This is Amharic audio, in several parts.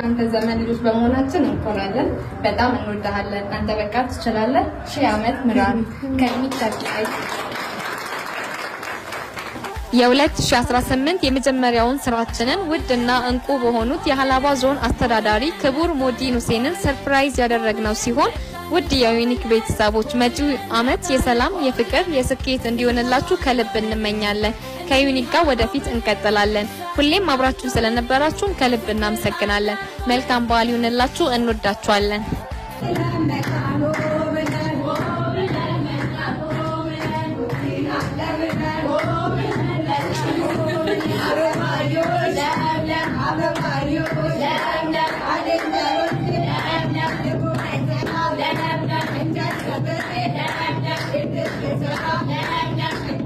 የአንተ ዘመን ልጆች በመሆናችን እንኮራለን። በጣም እንወዳሃለን። አንተ በቃ ትችላለህ። ሺህ ዓመት ምራን ከሚጠቃይ የ2018 የመጀመሪያውን ስራችንን ውድና እንቁ በሆኑት የሀላባ ዞን አስተዳዳሪ ክቡር ሞዲን ሁሴንን ሰርፕራይዝ ያደረግነው ሲሆን ውድ የዩኒክ ቤተሰቦች መጪው ዓመት የሰላም፣ የፍቅር፣ የስኬት እንዲሆንላችሁ ከልብ እንመኛለን። ከዩኒክ ጋር ወደፊት እንቀጥላለን። ሁሌም አብራችሁ ስለነበራችሁን ከልብ እናመሰግናለን። መልካም በዓል ይሁንላችሁ። እንወዳችኋለን። Yeah.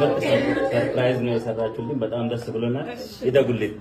ውዷ ሰርፕራይዝ ነው የሰራችሁልን። በጣም ደስ ብሎናል። ይደጉልን።